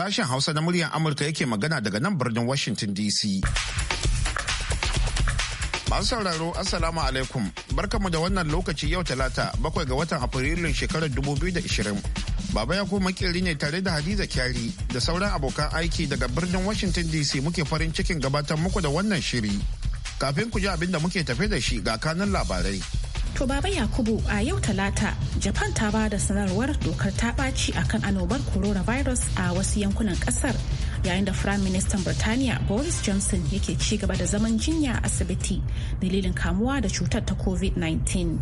Sashen Hausa na muryar Amurka yake magana daga nan birnin Washington DC. Masu sauraro Assalamu alaikum barkamu da wannan lokaci yau talata bakwai ga watan Afrilun shekarar 2020. Baba ya kuma makeri ne tare da Hadiza Kyari da sauran abokan aiki daga birnin Washington DC muke farin cikin gabatar muku da wannan shiri. Kafin ku ji abin da muke tafe da shi ga kanun labarai. To Baba Yakubu a yau Talata, Japan ta ba da sanarwar dokar ta ɓaci a kan annobar coronavirus a wasu yankunan ƙasar yayin da Firayim Ministan Birtaniya Boris Johnson yake ci gaba da zaman jinya a asibiti dalilin kamuwa da cutar ta COVID-19.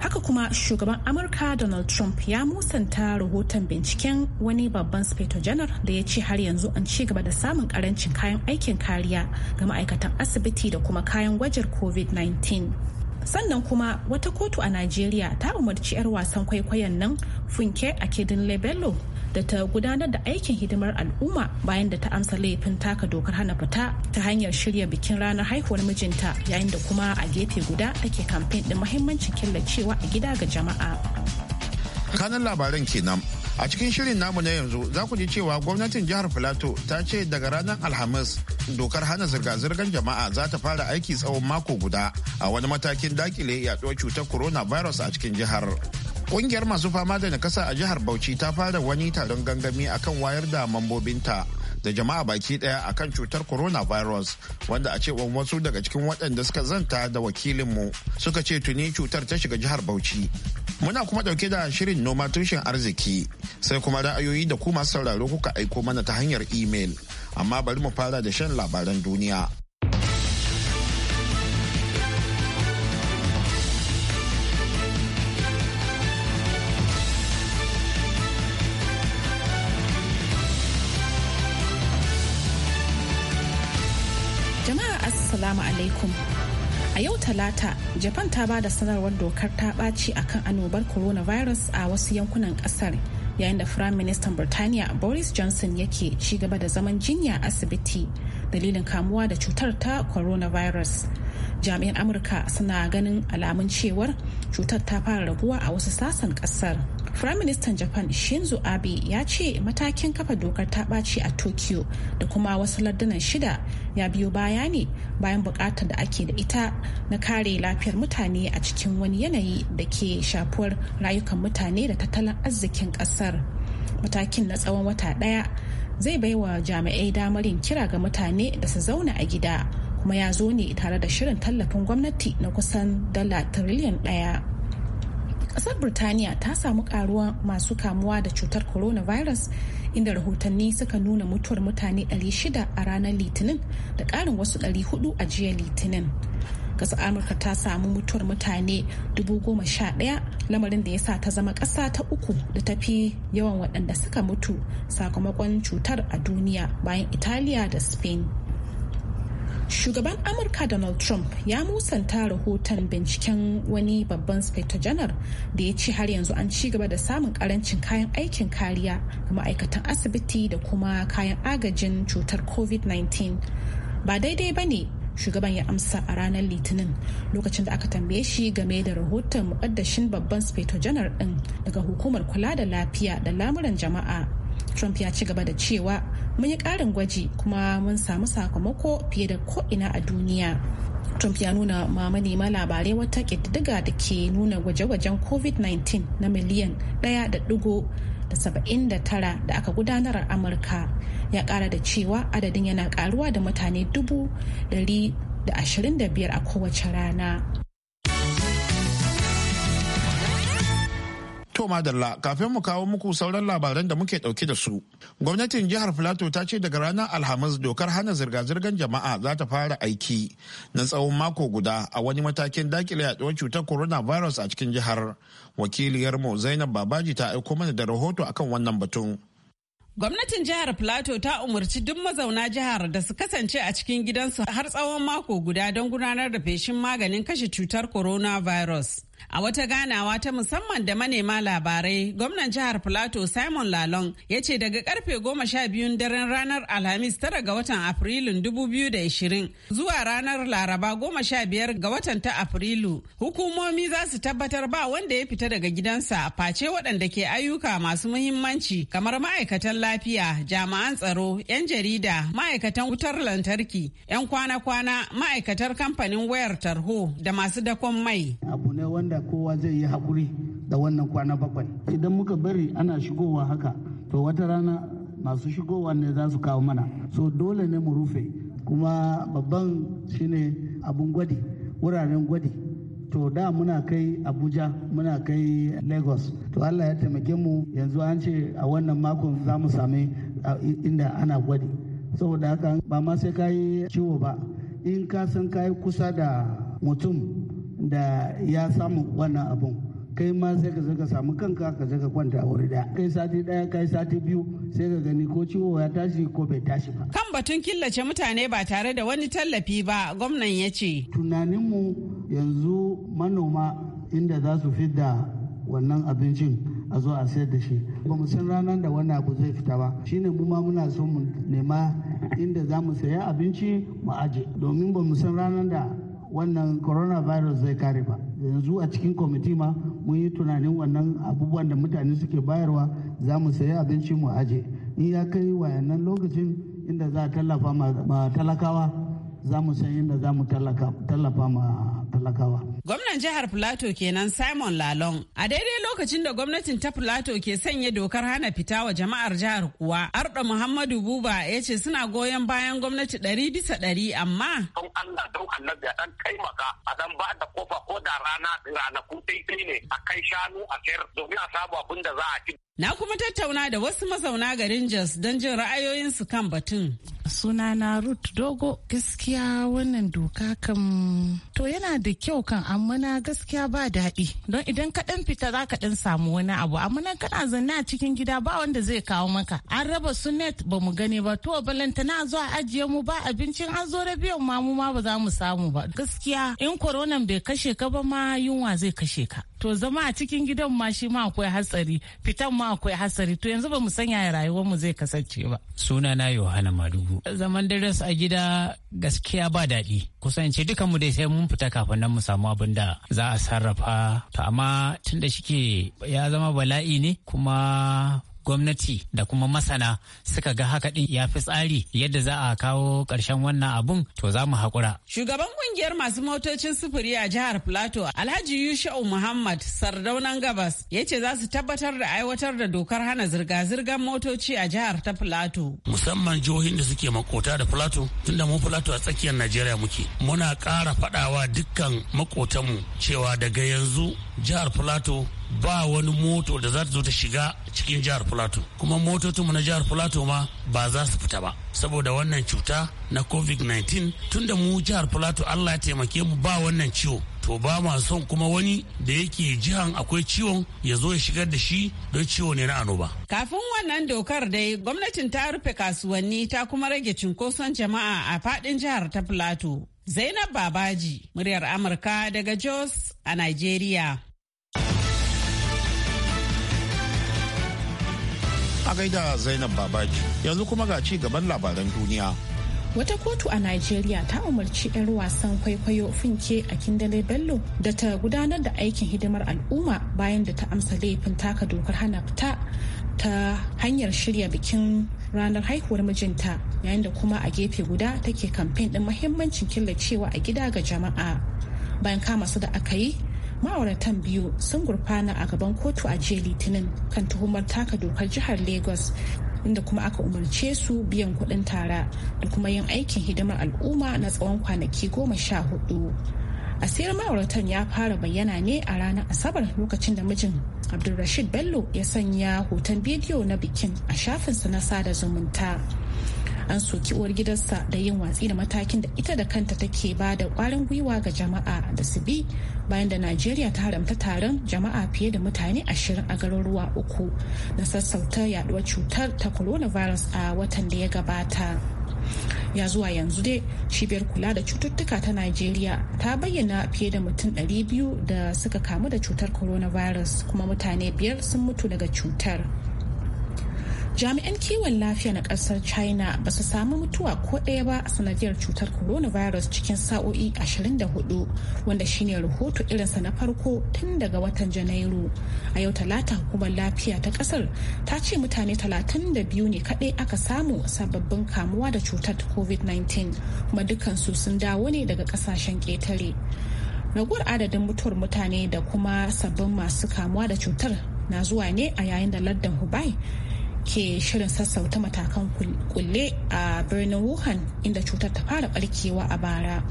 Haka kuma shugaban Amurka Donald Trump ya musanta rahoton binciken wani babban Speto janar da ya ce har yanzu an ci gaba da samun karancin kayan aikin kariya ga ma'aikatan asibiti da kuma kayan gwajar COVID-19. sannan kuma wata kotu a najeriya ta umarci 'yar wasan kwaikwayon nan funke a kedin lebello da ta gudanar da aikin hidimar al'umma bayan da ta amsa laifin taka dokar hana fita ta hanyar shirya bikin ranar haihuwar mijinta yayin da kuma a gefe guda take kamfen din muhimmancin killacewa a gida ga jama'a kanan labaran kenan A cikin shirin namu na yanzu za ku ji cewa gwamnatin jihar Filato ta ce daga ranar Alhamis dokar hana zirga-zirgar jama'a za ta fara aiki tsawon mako guda a wani matakin dakile yaduwar cutar corona virus a cikin jihar. Ƙungiyar masu fama da nakasa a jihar Bauchi ta fara wani taron gangami akan wayar da mambobinta da jama'a baki daya akan cutar coronavirus wanda a cewan wasu daga cikin waɗanda suka zanta da wakilinmu suka ce tuni cutar ta shiga jihar Bauchi. Muna kuma ɗauke da shirin noma tushen arziki sai kuma ra'ayoyi da kuma sauraro kuka aiko mana ta hanyar imel. Amma bari mu fara da shan labaran duniya. Assalamu alaikum. A yau Talata, Japan ta ba da sanarwar dokar ta ɓaci a kan annobar coronavirus a wasu yankunan ƙasar yayin da Firayim Ministan Birtaniya Boris Johnson yake ci gaba da zaman jinya asibiti dalilin kamuwa da cutar ta coronavirus. Jami'an Amurka suna ganin alamun cewar cutar ta fara raguwa a wasu sassan ƙasar. Firaministan Japan Shinzo Abe ya ce matakin kafa dokar ta ɓaci a Tokyo da kuma wasu lardunan shida ya biyo baya ne bayan buƙatar da ake da ita na kare lafiyar mutane a cikin wani yanayi da ke shafuwar rayukan mutane da tattalin arzikin ƙasar. Matakin na tsawon wata ɗaya zai baiwa jami'ai damar yin kira ga mutane da su zauna a gida kuma ya zo ne tare da shirin tallafin gwamnati na kusan dala tiriliyan ɗaya. kasar Burtaniya ta samu karuwa masu kamuwa da cutar coronavirus inda rahotanni suka nuna mutuwar mutane 600 a ranar Litinin da ƙarin wasu 400 a jiya Litinin. kasar Amurka ta samu mutuwar mutane 11,000 lamarin da ya sa ta zama ƙasa ta uku da ta fi yawan waɗanda suka mutu sakamakon cutar a duniya bayan Italiya da Spain. Shugaban Amurka Donald Trump ya musanta rahoton binciken wani babban Spector janar da ya ce har yanzu an ci gaba da samun karancin kayan aikin kariya ga ma'aikatan asibiti da kuma kayan agajin cutar COVID-19. Ba daidai ba ne shugaban ya amsa a ranar litinin lokacin da aka tambaye shi game da rahoton muƙaddashin babban speto janar ɗin daga hukumar kula da lafiya da lamuran jama'a trump ya ci gaba da cewa mun yi ƙarin gwaji kuma mun samu sakamako fiye da ko'ina a duniya Trump ya nuna ma manema labarai wata ƙididdiga da ke nuna gwaje-gwajen COVID-19 na miliyan 1.79 da aka gudanar a Amurka. Ya ƙara da cewa adadin yana ƙaruwa da mutane dubu da ashirin a kowace rana. To madalla kafin mu kawo muku sauran labaran da muke dauke da su. Gwamnatin jihar Filato ta ce daga ranar Alhamis dokar hana zirga-zirgar jama'a za ta fara aiki na tsawon mako guda a wani matakin dakile yaduwar cutar coronavirus a cikin jihar. Wakiliyar mu Zainab Babaji ta aiko mana da rahoto akan wannan batun. Gwamnatin jihar Filato ta umarci duk mazauna jihar da su kasance a cikin gidansu har tsawon mako guda don gudanar da feshin maganin kashe cutar coronavirus. A wata ganawa ta musamman da manema labarai, gwamnan jihar plato Simon Lalong ya ce daga karfe goma sha biyun daren ranar Alhamis tara ga watan Afrilun 2020 zuwa ranar Laraba goma sha biyar ga watan ta Afrilu, hukumomi za su tabbatar ba wanda ya fita daga gidansa face waɗanda ke ayyuka masu muhimmanci kamar ma'aikatan lafiya, jami'an tsaro, 'yan jarida, ma'aikatan wutar lantarki, 'yan kwana-kwana, ma'aikatar kamfanin wayar tarho da masu dakon mai. Abu ne wanda kowa zai yi hakuri da wannan kwana bakwai idan muka bari ana shigowa haka to wata rana masu shigowa ne za su kawo mana so dole ne mu rufe kuma babban shine abun gwadi wuraren gwadi to da muna kai abuja muna kai lagos to allah ya taimake mu yanzu an ce a wannan makon za mu sami inda ana gwadi saboda haka ba ma sai ka yi ciwo ba in ka san ka yi kusa da mutum da ya samu wannan abun kai ma sai ka ka samu kanka ka ka kwanta a wuri daya kai sati daya kai sati biyu sai ka gani ko ciwo ya tashi ko bai tashi ba kan batun killace mutane ba tare da wani tallafi ba gwamnan ya ce tunaninmu yanzu manoma inda za su fidda wannan abincin a zo a sayar da shi ba mu san ranar da wannan abu zai fita ba shine mu ma muna so mu nema inda za mu saya abinci mu aje domin ba mu san ranar da wannan coronavirus zai kare ba yanzu a cikin kwamiti ma mun yi tunanin wannan abubuwan da mutane suke bayarwa za mu sayi abinci mu aje ni ya kai wayannan lokacin inda za a tallafa ma talakawa za mu san inda za mu tallafa ma talakawa Gwamnan jihar Filato kenan Simon Lalong. A daidai lokacin da gwamnatin ta Filato ke sanya dokar hana fita wa jama'ar jihar kuwa, Arɗa Muhammadu Buba ya ce suna goyon bayan gwamnati ɗari bisa ɗari amma. Don Allah don annabi a ɗan taimaka a ɗan ba da kofa ko da rana ranaku daidai ne a kai shanu a sayar domin a samu abin da za a ci. Na kuma tattauna da wasu mazauna garin Jos don jin ra'ayoyinsu kan batun. Suna na Ruth Dogo gaskiya wannan doka kan to yana da kyau kan amma gaskiya ba daɗi don idan ka ɗan fita za ka ɗan samu wani abu amma nan kana zanne a cikin gida ba wanda zai kawo maka an raba su net ba mu gani ba to balanta na zo a ajiye mu ba abincin an zo da biyan ma ma ba za mu samu ba gaskiya in koronan bai kashe ka ba ma yunwa zai kashe ka. to zama a cikin gidan ma shi ma akwai hatsari fitan ma akwai hatsari to yanzu ba mu sanya yaya rayuwar mu zai kasance ba suna na yohana madugu zaman daras a gida gaskiya ba daɗi kusan ce dukan mu dai sai mun fita kafin nan mu samu abin da za a sarrafa to amma tunda shike ya zama bala'i ne kuma gwamnati da kuma masana suka ga haka din ya fi tsari yadda za a kawo ƙarshen wannan abun to za mu haƙura. Shugaban kungiyar masu motocin sufuri a jihar Plateau Alhaji Yusha'u Muhammad Sardaunan Gabas ya ce za su tabbatar da aiwatar da dokar hana zirga-zirgar motoci a jihar ta Plateau. Musamman jihohin da suke makota da Plateau tunda mu Plateau a tsakiyar Najeriya muke. Muna ƙara faɗawa dukkan makotanmu cewa daga yanzu jihar plateau ba wani moto da za ta zo ta shiga cikin jihar plateau kuma motocinmu na jihar plateau ma ba za su fita ba saboda wannan cuta na covid-19 tunda mu jihar plateau allah ya taimake mu ba wannan ciwo to ba ma son kuma wani da yake jihan akwai ciwon ya zo ya shigar da shi don ciwo ne na anoba. Kafin wannan dokar dai gwamnatin ta rufe kasuwanni ta kuma rage cunkoson jama'a a fadin jihar ta plateau Zainab Babaji, muryar Amurka daga Jos a Najeriya. A gaida Zainab Babaji, yanzu kuma ga ci gaban labaran duniya. Wata kotu a Najeriya ta umarci 'yar wasan kwaikwayo Finke a Kindale Bello da ta gudanar da aikin hidimar al'umma bayan da ta amsa laifin taka dokar hana fita ta hanyar shirya bikin ranar haihuwar mijinta yayin da kuma a gefe guda take kamfen din mahimmancin killacewa a gida ga jama'a bayan kama su da aka yi ma'auratan biyu sun gurfana a gaban kotu a jiya litinin kan tuhumar taka dokar jihar lagos inda kuma aka umarce su biyan kuɗin tara da kuma yin aikin hidimar al'umma na tsawon kwanaki goma sha hudu asirin ma'auratan ya fara bayyana ne a ranar asabar lokacin da mijin abdulrashid bello ya sanya hoton bidiyo na bikin a shafinsa na sada zumunta an soki uwar gidansa da yin watsi da matakin da ita da kanta take ba da kwarin gwiwa ga jama'a da su bi bayan da najeriya ta haramta taron jama'a fiye da mutane ashirin a garuruwa uku na sassauta yaduwar cutar ta coronavirus a watan da ya gabata ya zuwa yanzu dai cibiyar kula da cututtuka ta najeriya ta bayyana fiye da mutum 200 da suka kamu da cutar coronavirus kuma mutane biyar sun mutu daga cutar jami'an kiwon lafiya na kasar china ba su samu mutuwa ko ɗaya ba a sanadiyar cutar coronavirus cikin sa'o'i 24 wanda shine rahoto irinsa na farko tun daga watan janairu a yau talata hukumar lafiya ta kasar ta ce mutane 32 ne kaɗai aka samu sababbin kamuwa da cutar covid-19 kuma dukansu sun dawo ne daga ƙasashen ƙetare raguwar adadin mutuwar mutane da kuma sabbin masu kamuwa da cutar na zuwa ne a yayin da lardin hubai ke shirin sassauta matakan kulle a birnin wuhan inda cutar ta fara barkewa a bara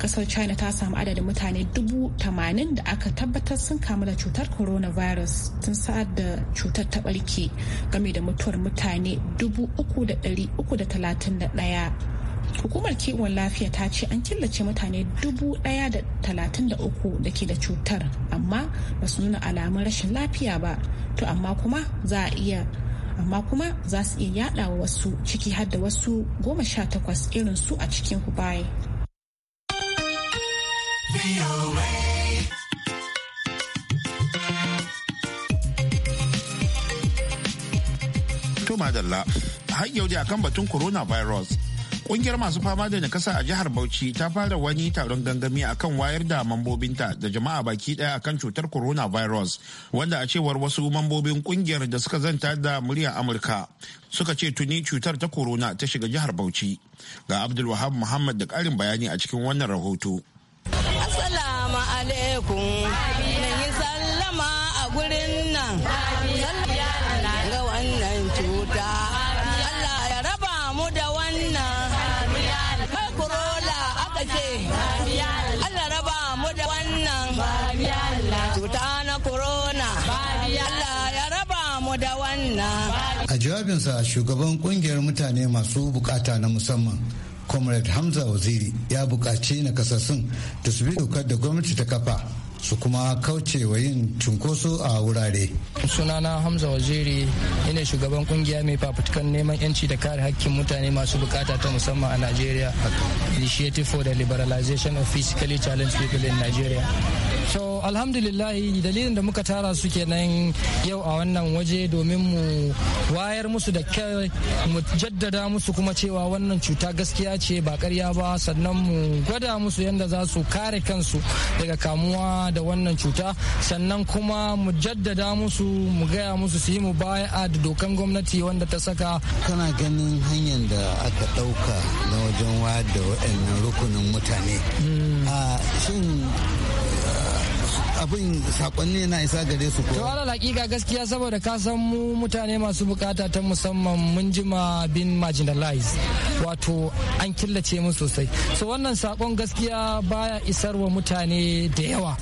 kasar china ta samu adadin mutane dubu tamanin da aka tabbatar sun kamu da cutar coronavirus tun sa'ad da cutar ta barke game da mutuwar mutane dubu uku da dari uku da talatin da daya hukumar kiwon lafiya ta ce an killace mutane dubu daya da talatin da uku da ke da cutar amma ba su nuna alamun rashin lafiya ba to amma kuma za a iya amma kuma za su iya yada wa wasu ciki har da wasu goma sha takwas irin su a cikin hubaye. To madalla, har yau da akan batun coronavirus Kungiyar masu fama da nakasa a jihar Bauchi ta fara wani taron gangami akan wayar da mambobinta da jama'a baki daya akan cutar corona virus wanda a cewar wasu mambobin kungiyar da suka zanta da muryar Amurka suka ce tuni cutar ta corona ta shiga jihar Bauchi. Ga Abdul Wahab Muhammad da karin bayani a cikin wannan rahoto. Assalamu alaikum. sallama a gurin nan. jawabinsa shugaban kungiyar mutane masu bukata na musamman comrade hamza waziri ya na nakasassun da su bi dokar da gwamnati ta kafa su kuma kauce wa yin cunkoso a wurare. sunana hamza waziri ina shugaban kungiya mai fafutukan neman yanci da kare hakkin mutane masu bukata ta musamman a nigeria initiative for the liberalization of physically challenged people in nigeria alhamdulillahi dalilin da muka tara su kenan yau a wannan waje domin mu wayar musu da kai mu jaddada musu kuma cewa wannan cuta gaskiya ce ba karya ba sannan mu gwada musu yadda za su kare kansu daga kamuwa da wannan cuta sannan kuma mu jaddada musu mu gaya musu su yi mu baya da dokan gwamnati wanda ta saka kana ganin hanyar da aka ɗauka na wajen wayar da waɗannan rukunin mutane hmm. ah, abin sakonni na isa gare su to wala hakika gaskiya saboda ka san mu mutane masu bukata ta musamman mun jima bin marginalized wato an killace mu sosai so wannan sakon gaskiya baya isarwa mutane da yawa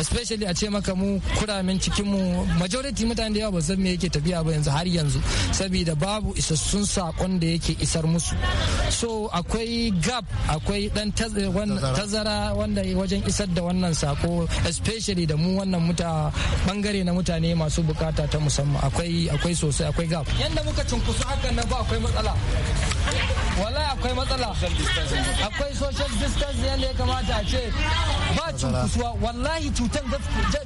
especially a ce maka mu kuramin cikin mu majority mutane da yawa ba san me yake tafiya ba yanzu har yanzu saboda babu isassun sakon da yake isar musu so akwai gap akwai dan tazara wanda wajen isar da wannan sako especially da mu wannan muta bangare na mutane masu bukata ta musamman akwai akwai sosai akwai gap yanda muka cunkusu hakan na ba akwai matsala wallahi akwai matsala akwai social distance yadda ya kamata a ce ba cunkusuwa wallahi cutan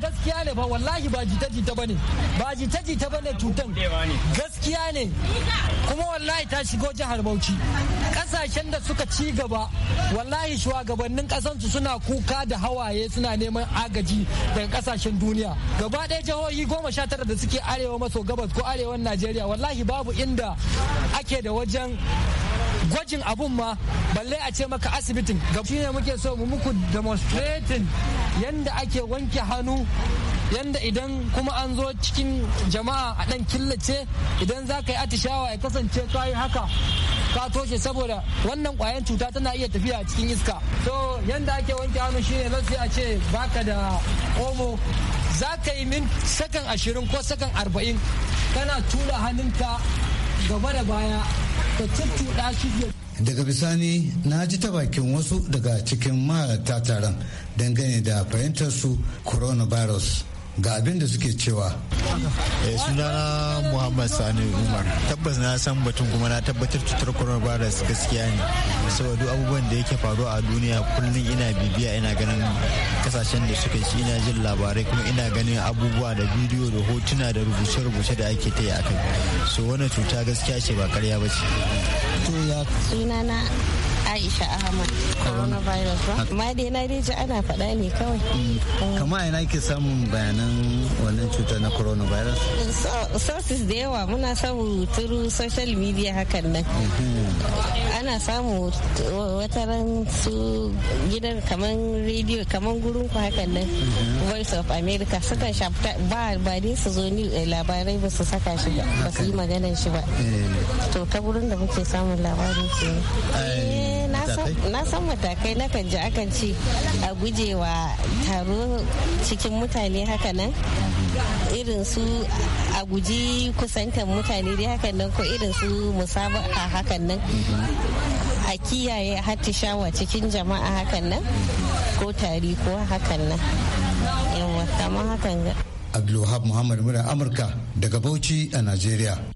gaskiya ne ba wallahi ba jita-jita bane ba jita-jita ba cutan gaskiya ne kuma wallahi ta shigo jihar bauchi kasashen da suka ci gaba wallahi shugabannin kasansu suna kuka da hawaye suna neman agaji daga kasashen duniya gaba ɗaya jihohi goma sha tara da suke arewa maso gabas ko arewan najeriya wallahi babu inda ake da wajen gwajin abun ma balle a ce maka asibitin ga ne muke so mu muku demonstrating yanda ake wanke hannu yanda idan kuma an zo cikin jama'a a dan killace idan za ka yi atishawa ya kasance ka yi haka ka toshe saboda wannan kwayan cuta tana iya tafiya a cikin iska so yadda ake wanke hannu shine zan zai a ce baka da omo za ka yi min sakan ashirin ko sakan arba'in kana tura hannunka gaba da baya ka tuttuɗa shi daga bisani na ji ta bakin wasu daga cikin mahalarta taron dangane da fahimtar su coronavirus ga abin da suke cewa eh, sunana muhammad sani umar tabbas na san batun kuma na tabbatar cutar coronavirus gaskiya ne saboda abubuwan da yake faruwa a duniya kullum ina bibiya ina ganin kasashen da suka ci ina jin labarai kuma ina ganin abubuwa da bidiyo da hotuna da rubuce-rubuce da ake ta yi a kai so wani cuta gaskiya ce ba karya ba ce Aisha Ahmad coronavirus ba. Amma dai na dai ji ana faɗa ne kawai. Mm. Eh. Kamar ina ke samun bayanan wannan cutar na coronavirus? Sources da yawa muna samu turu social media hakan nan. Mm-hmm. Ana samu wataran su gidan kaman radio kaman gurin ku hakan nan. Mm-hmm. Voice of America sukan shafta ba ba dai su zo ni eh, labarai ba su saka shi ba ba su yi maganan shi ba. Eh. To ta gurin da muke samun labarin su. na san matakai na kan ji akan ci a gujewa taro cikin mutane haka nan irin su a guji kusantar mutane dai haka nan ko irin su a hakan nan a kiyaye shawa cikin jama'a hakan nan ko tari ko hakan nan yawa kama hakan ga abdulwahab muhammad mura amurka daga bauchi a najeriya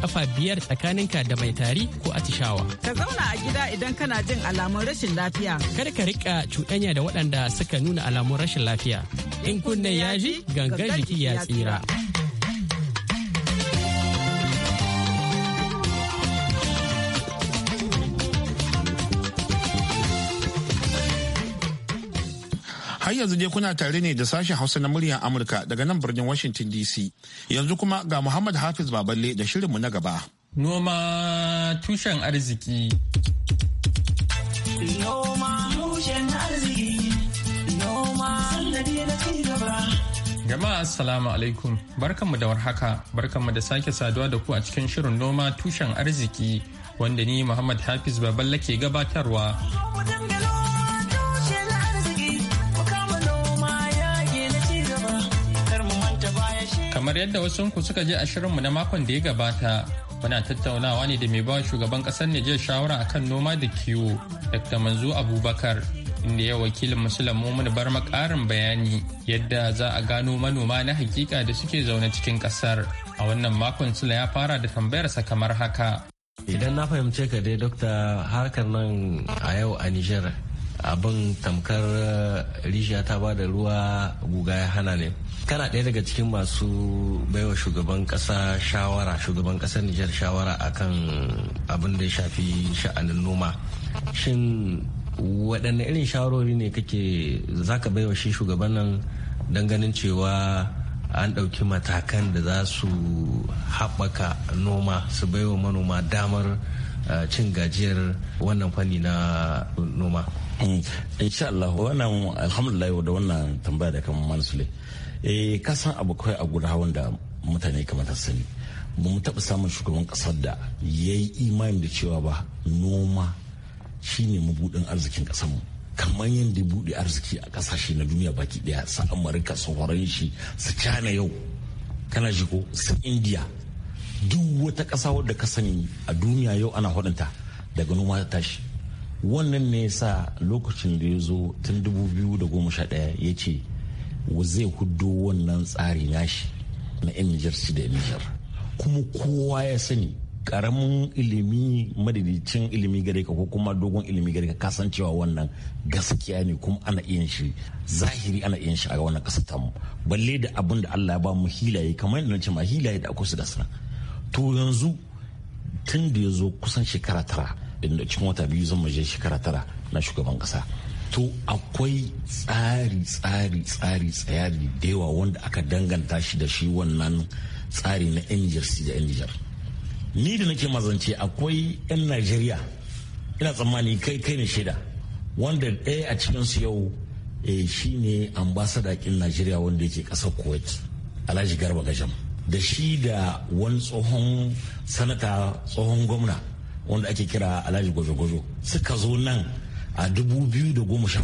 kafa biyar tsakaninka da mai tari ko atishawa. Ka zauna a gida idan kana jin alamun rashin lafiya. Kar ka rika cuɗanya da waɗanda suka nuna alamun rashin lafiya. In kunne ya ji gangan jiki ya tsira. Har yanzu dai kuna tare ne da sashen Hausa na muryar Amurka daga nan birnin Washington DC. Yanzu kuma ga Muhammad Hafiz Baballe da shirinmu na gaba. Noma tushen arziki. Gama assalamu alaikum barkanmu da warhaka barkanmu da sake saduwa da ku a cikin shirin noma tushen arziki wanda ni Muhammad Hafiz Baballe ke gabatarwa. Kamar yadda wasu ku suka je a shirinmu na makon da ya gabata, muna tattaunawa ne da mai bawa shugaban kasar Nijar shawara akan noma da kiwo, Dr. manzu Abubakar, inda ya wakilin Musulun Mumun bar makarin bayani yadda za a gano manoma na hakika da suke zaune cikin kasar. A wannan makon Sula ya fara da tambayarsa kamar haka. Idan na fahimce ka dai, Dokta, harkar nan a yau a Nijar abin tamkar eh, rijiya ta ba da ruwa guga ya hana ne kana ɗaya daga cikin masu baiwa shugaban ƙasa shawara shugaban ƙasar nijar shawara a kan abin da ya shafi sha'anin noma shin waɗanne irin shawarori ne kake zaka baiwa shi shugaban nan don ganin cewa an ɗauki matakan da za su haɓaka noma su baiwa manoma damar eh, cin gajiyar wannan fanni na noma Eh, insha Allah wannan alhamdulillah da wannan tambaya da kamar mansule eh ka san abu kai a guda da mutane kamar ta sani ba mu taɓa samun shugaban ƙasar da ya yi imani da cewa ba noma shine mabudin arzikin ƙasarmu kamar yadda buɗe arziki a ƙasashe na duniya baki ɗaya su amurka su shi su cana yau kana shi ko su indiya duk wata ƙasa wadda ka sani a duniya yau ana hudunta daga noma ta tashi wannan ne sa lokacin da ya zo tun 2011 ya ce zai hudu wannan tsari nashi na yan shi da nijar kuma kowa ya sani karamin ilimi madadicin ilimi gare ka ko kuma dogon ilimi gare ka kasancewa wannan gaskiya ne kuma ana iya shi zahiri ana iya shi a wannan kasar tamu balle da abin da Allah ya ba mu hilaye kamar yadda ce ma hilaye da akwai su da sana to yanzu tun da ya zo kusan shekara tara da cikin wata biyu zan maje shekara tara na shugaban kasa to akwai tsari tsari tsari tsayari da yawa wanda aka danganta shi da shi wannan tsari na yan jirsi da yan ni da nake mazance akwai yan najeriya ina tsammani kai kai ne shaida wanda ɗaya a cikinsu yau eh, shine ambasada kin najeriya wanda yake ƙasar kuwait alhaji garba gajam da shi da wani tsohon sanata tsohon gwamna wanda ake kira alhaji gwazo-gwazo suka zo nan a 2014 da goma sha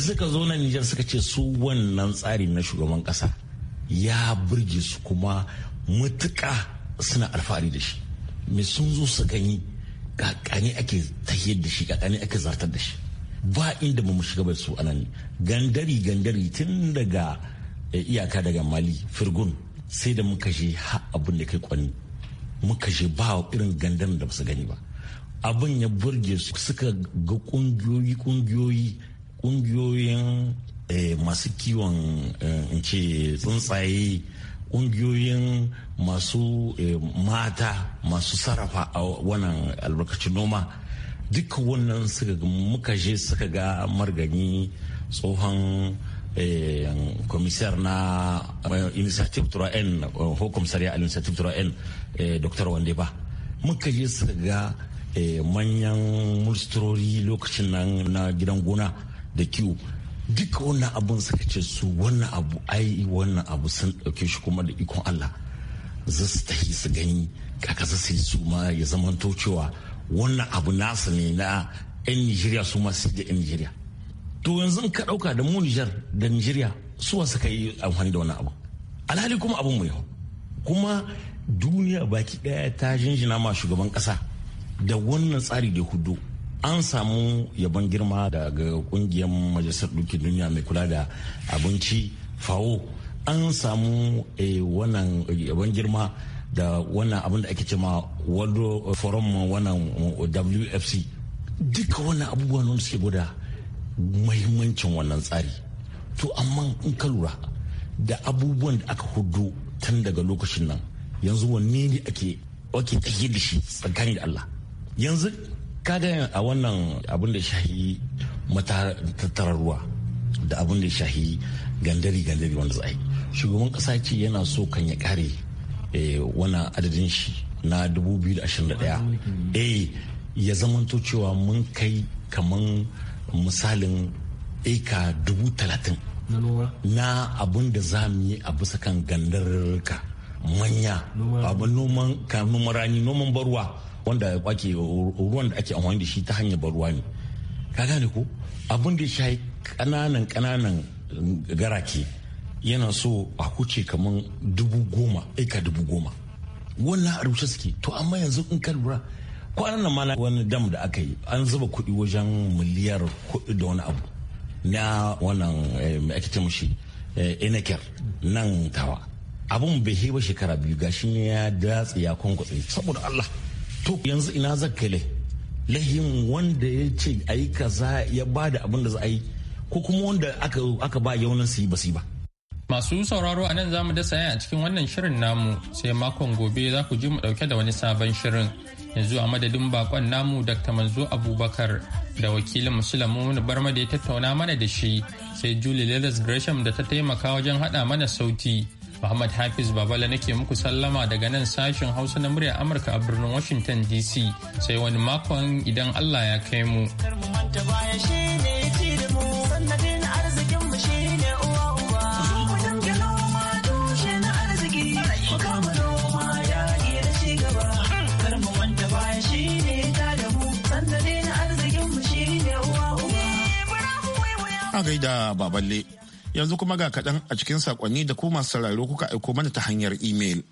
suka zo nan nijar suka ce su wannan tsari na shugaban kasa ya burge su kuma matuƙa suna alfahari da shi me sun zo su gani kakani ake tahiyar da shi kakani ake zartar da shi ba inda ba mu shiga bai su anan gandari gandari tun daga eh, iyaka daga mali firgun sai da muka je ha abin da kai kwani muka je ba irin gandan da basu gani ba abin ya burge su suka ga kungiyoyi kungiyoyi kungiyoyin eh, masu kiwon eh, in ce tsuntsaye kungiyoyin masu eh, mata masu sarrafa a wannan albarkacin noma duka wannan suka muka je suka ga margani tsohon commissaire na eh, initiative 3n ho eh, commissariat à initiative 3n eh, docteur wande ba muka je su ga manyan mulsturori lokacin nan na gidan gona da kiwo duka wannan abun suka ce su wannan abu ai wannan abu sun dauke shi kuma da ikon allah za su tafi su gani kaka za su yi su ma ya zamanto cewa wannan abu nasu ne na 'yan nigeria su ma su da 'yan nigeria to yanzu ka dauka da mu Nijar da Nijeriya su wasu yi amfani da wannan abu alhali kuma abin mai kuma duniya baki daya ta jinjina ma shugaban kasa da wannan tsari da hudu an samu yaban girma daga kungiyar majalisar dukin duniya mai kula da abinci fawo an samu eh, wannan yaban girma da wannan abin da ake cema world forum wannan eh, wfc duka wannan abubuwan suke guda mahimmancin wannan tsari to amma in ka lura da abubuwan da aka hudu tun daga lokacin nan yanzu wanne ne ake ake tsaye da shi tsakani da Allah yanzu kaga a wannan abin da shahi matattarar ruwa da abin da shahi gandari gandari wanda za'a yi shugaban kasa ce yana so kan ya kare eh, wani adadin shi na 2021 eh ya zamanto cewa mun kai kaman misalin eka dubu talatin na abun da za mu yi a bisa kan gandarka manya abin noman kamun rani noman barwa wanda ake ruwan da ake amfani da shi ta hanyar barwa ne ka gane ko abun da ya shayi kananan kananan garake yana so a kuce kamar dubu goma eka dubu goma wannan a rushe suke to amma yanzu in ka lura kwanan nan mana wani dam da aka yi an zuba kuɗi wajen miliyar kuɗi da wani abu na wannan eh, ake ta mushi enaker eh, nan tawa abun bai heba shekara biyu shi ya datsi ya kwankwatsa saboda allah to yanzu ina zakkale lahin wanda ya ce a yi kaza ya ba da abin da za a yi ko kuma wanda aka ba yaunin su yi ba su yi ba Masu sauraro a nan zamu dasa a cikin wannan shirin namu sai makon gobe za ku ji mu dauke da wani sabon shirin. Yanzu a madadin bakon namu Dr. Manzo Abubakar da wakilin Musulamu Barma da ya tattauna mana da shi sai Julie Lelis Gresham da ta taimaka wajen haɗa mana sauti. Muhammad Hafiz Babala nake muku sallama daga nan sashen Hausa na muryar Amurka a birnin Washington DC sai wani makon idan Allah ya kai mu. A gaida baballe, yanzu kuma ga kaɗan a cikin saƙonni da kuma masu sauraro kuka aiko mana ta hanyar imel.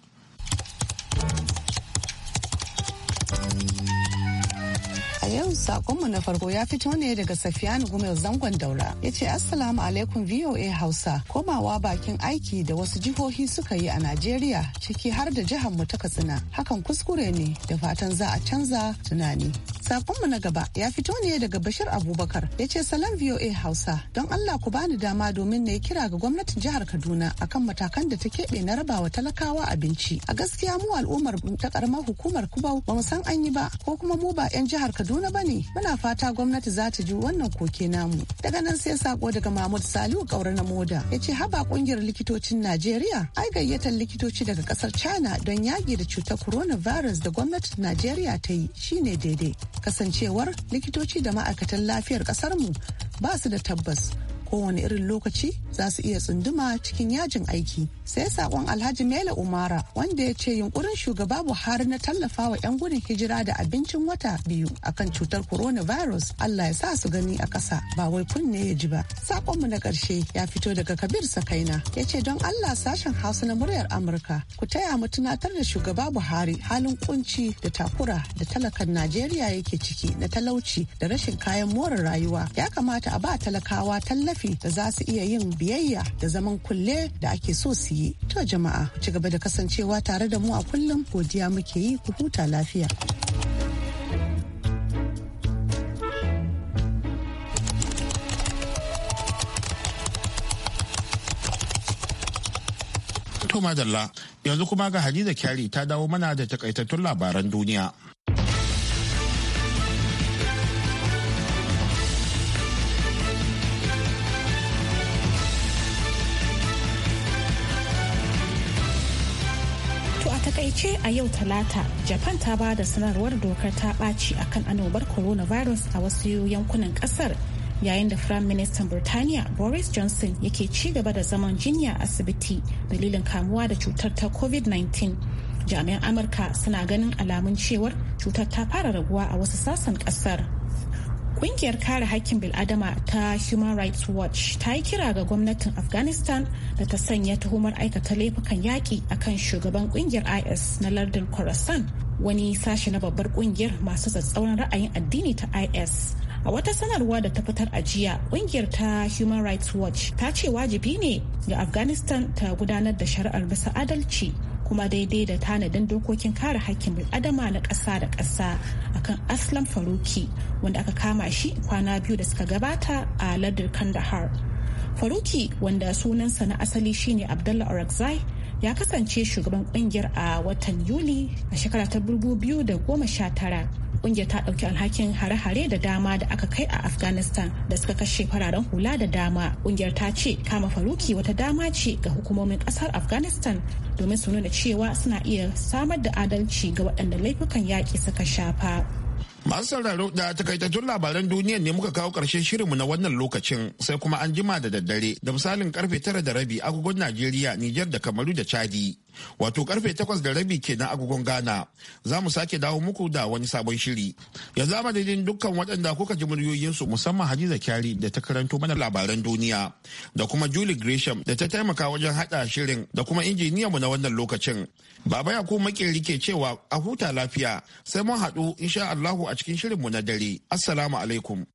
Sakonmu na farko ya fito ne daga safiyan Gumel Zangon Daura. Ya ce Assalamu alaikum VOA Hausa. Komawa bakin aiki da wasu jihohi suka yi a Najeriya ciki har da jihar mu ta Katsina. Hakan kuskure ne da fatan za a canza tunani. Sakonmu na gaba ya fito ne daga Bashir Abubakar. Ya ce salam VOA Hausa. Don Allah ku bani dama domin na yi kira ga gwamnatin jihar Kaduna akan matakan da ta keɓe na rabawa talakawa abinci. A gaskiya mu al'ummar ta karamar hukumar Kubau ba mu san an yi ba ko kuma mu ba 'yan jihar Kaduna ba ne ne muna fata gwamnati za ta ji wannan koke namu daga nan sai sako daga mahmud salihu kaura na moda ya ce haba kungiyar likitocin najeriya ai gayyatar likitoci daga kasar china don yaki da cutar coronavirus da gwamnatin najeriya ta yi shine daidai kasancewar likitoci da ma'aikatan lafiyar kasar mu ba su da tabbas kowane irin lokaci za su iya tsunduma cikin yajin aiki sai sakon alhaji mele umara wanda ya ce yunkurin shugaba buhari na tallafa wa 'yan gudun hijira da abincin wata biyu akan cutar coronavirus allah ya sa su gani a ƙasa ba wai kunne ya ji ba sakonmu na ƙarshe ya fito daga kabir sakaina ya ce don allah sashen hausa na muryar amurka ku taya mu tunatar da shugaba buhari halin kunci da takura da talakan najeriya yake ciki na talauci da rashin kayan more rayuwa ya kamata a ba talakawa tallafi gefe da za su iya yin biyayya da zaman kulle da ake so su yi. To jama'a ci gaba da kasancewa tare da mu a kullum godiya muke yi ku huta lafiya. To yanzu kuma ga Hadiza Kyari ta dawo mana da takaitattun labaran duniya. ce a yau talata japan ta ba da sanarwar dokar ta ɓaci akan annobar coronavirus a wasu yankunan kasar yayin da firayim ministan burtaniya boris johnson yake ci gaba da zaman jinya asibiti dalilin kamuwa da cutar ta covid-19 jami'an amurka suna ganin alamun cewar cutar ta fara raguwa a wasu sassan kasar. Kungiyar kare hakkin bil'adama ta Human Rights Watch ta yi kira ga gwamnatin Afghanistan da ta sanya tuhumar aikata laifukan yaƙi akan shugaban kungiyar IS na lardin Khorasan wani sashe na babbar kungiyar masu tsatsauran ra'ayin addini ta IS. A wata sanarwa da ta fitar a jiya, kungiyar ta Human Rights Watch ta ce wajibi ne ga Afghanistan ta gudanar da shari'ar bisa adalci kuma daidai da tanadin dokokin kare hakkin adama na ƙasa da ƙasa akan aslam faruki wanda aka kama shi kwana biyu da suka gabata a ladar kandahar faruki wanda sunansa na asali shine abdullah orakzai ya kasance shugaban kungiyar a watan yuli a shekara ta 2019 kungiyar ta dauki alhakin hare-hare da dama da aka kai a afghanistan da suka kashe fararen hula da dama kungiyar ta ce kama faruki wata dama ce ga hukumomin kasar afghanistan domin su nuna cewa suna iya samar da adalci ga waɗanda laifukan yaƙi suka shafa masu sauraro da takaitattun labaran duniya ne muka kawo ƙarshen shirinmu na wannan lokacin sai kuma an jima da daddare da misalin karfe tara da rabi agogon najeriya nijar da kamaru da chadi wato karfe takwas da rabi ke na agogon ghana za mu sake dawo muku da wani sabon shiri ya zama daidai dukkan waɗanda kuka ji muryoyinsu musamman hadiza kyari da ta karanto mana labaran duniya da kuma julie gresham da ta taimaka wajen hada shirin da kuma mu na wannan lokacin baba ya ko makeri ke cewa a huta lafiya sai mun haɗu insha allahu a cikin shirin mu na dare assalamu alaikum